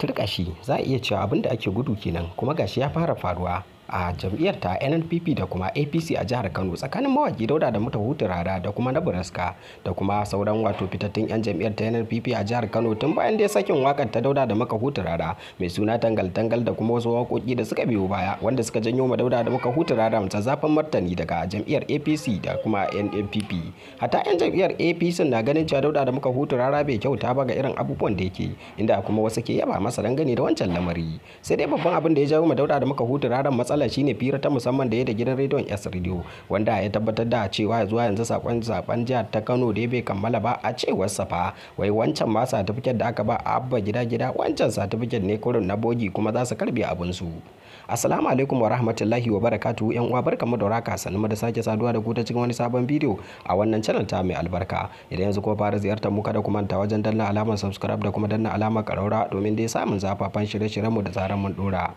Turkashi za a iya cewa abin da ake gudu kenan kuma gashi ya fara faruwa a jam'iyyar ta NNPP da kuma APC a jihar Kano tsakanin mawaki Dauda da Muta Hutu Rada da kuma na Buraska da kuma sauran wato fitattun 'yan jam'iyyar ta NNPP a jihar Kano tun bayan da sakin wakar ta Dauda da Muka Hutu Rada mai suna Tangal Tangal da kuma wasu waƙoƙi da suka biyo baya wanda suka janyo ma Dauda da Muka Hutu Rada ta zafin martani daga jam'iyyar APC da kuma NNPP hatta 'yan jam'iyyar APC na ganin cewa Dauda da Muka Hutu Rada bai kyauta ba ga irin abubuwan da yake inda kuma wasu ke yaba masa dangane da wancan lamari sai dai babban abin da ya jawo ma Dauda da Muka Hutu Rada matsala Mala shine fira ta musamman da ya da gidan rediyon S Radio wanda ya tabbatar da cewa zuwa yanzu sakon zaben jihar ta Kano da bai kammala ba a cewar sa fa wai wancan ma satifiket da aka ba abba gida gida wancan satifiket ne kurin na bogi kuma za su karbe abun su. Assalamu alaikum wa rahmatullahi wa barakatuh yan uwa barkamu da raka sannu da sake saduwa da ku ta cikin wani sabon bidiyo a wannan channel ta mai albarka idan yanzu kuma fara ziyartar mu kada ku manta wajen danna alamar subscribe da kuma danna alamar karaura domin dai samun zafafan shirye-shiryen mu da zaran mun dora.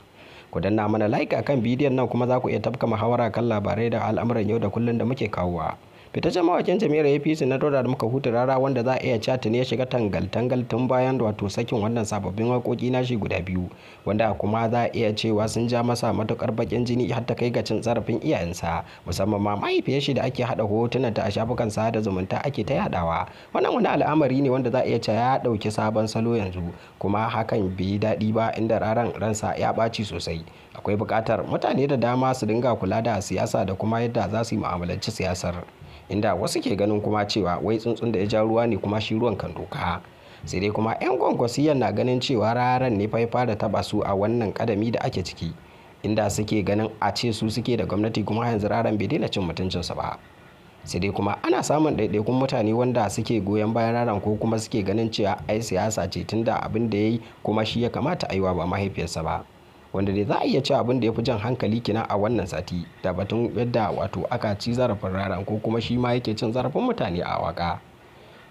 ku danna mana like akan bidiyon nan kuma za ku iya tafka muhawara kan labarai da al'amuran yau da kullum da muke kawowa fitaccen mawakin jami'ar apc na Dora da muka huta rara wanda za a iya cata ne ya shiga tangal-tangal tun bayan wato sakin wannan sababbin waƙoƙi shi guda biyu wanda kuma za a iya cewa sun ja masa matukar bakin jini har ta kai ga cin zarafin iyayensa musamman ma mahaifiyar shi da ake hada hotunan ta a shafukan sada zumunta ake ta yadawa wannan wani al'amari ne wanda za a iya cewa ya dauki sabon salo yanzu kuma hakan bai yi daɗi ba inda raran ransa ya ɓaci sosai akwai buƙatar mutane da dama su dinga kula da siyasa da kuma yadda za su yi mu'amalanci siyasar. inda wasu ke ganin kuma cewa wai tsuntsun da ya ja ruwa ne kuma shi ruwan kan doka sai dai kuma 'yan kwankwasiyan na ganin cewa raran ne faifa da taba su a wannan kadami da ake ciki inda suke ganin a ce su suke da gwamnati kuma yanzu raran bai daina cin mutuncinsu ba sai dai kuma ana samun ɗaiɗaikun mutane wanda suke goyon bayan raran ko kuma suke ganin cewa ai siyasa ce tunda abin da ya yi kuma shi ya kamata a yi wa ba mahaifiyarsa ba wanda dai za a iya ci abin da ya fi jan hankali kina a wannan sati da batun yadda wato aka ci zarafin rara ko kuma shi ma yake cin zarafin mutane a waka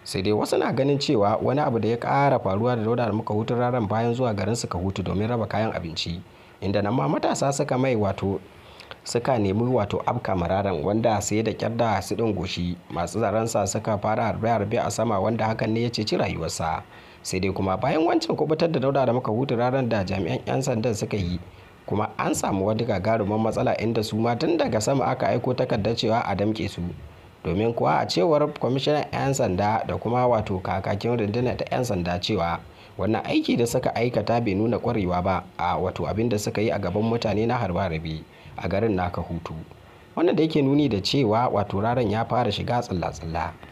sai dai wasu na ganin cewa wani abu da ya kara faruwa da dauda da muka hutu raran bayan zuwa garin suka hutu domin raba kayan abinci inda nan ma matasa suka mai wato suka nemi wato abka mararan wanda sai da kyar da su goshi masu zaransa suka fara harbe-harbe a sama wanda hakan ne ya ceci rayuwarsa sai dai kuma bayan wancan kubutar da dauda da muka hutu ranar da jami'an 'yan sandan suka yi kuma an samu wata gagarumin matsala inda su ma tun daga sama aka aiko takardar cewa a damke su domin kuwa a cewar kwamishinan 'yan sanda da kuma wato kakakin rundunar ta 'yan sanda cewa wannan aiki da suka aikata bai nuna kwarewa ba a wato abin da suka yi a gaban mutane na harbe-harbe a garin naka hutu wannan da yake nuni da cewa wato raran ya fara shiga tsalla-tsalla.